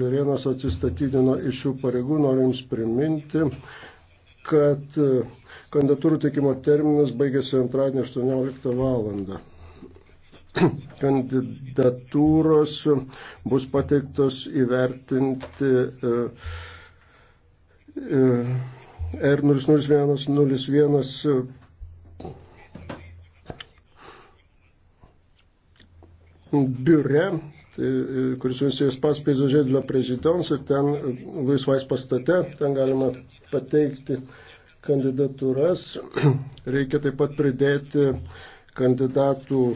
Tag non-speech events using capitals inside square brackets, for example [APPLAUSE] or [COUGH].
Lerienas atsistatydino iš šių pareigų, noriu Jums priminti, kad e, kandidatūrų teikimo terminas baigėsi antradienį 18 valandą. [CLEARS THROAT] Kandidatūros bus pateiktos įvertinti e, e, R00101 biure, tai, e, kuris visais paspės Žėdlio prezidents ir ten e, laisvais pastate, ten galima pateikti kandidatūras. [CLEARS THROAT] Reikia taip pat pridėti kandidatų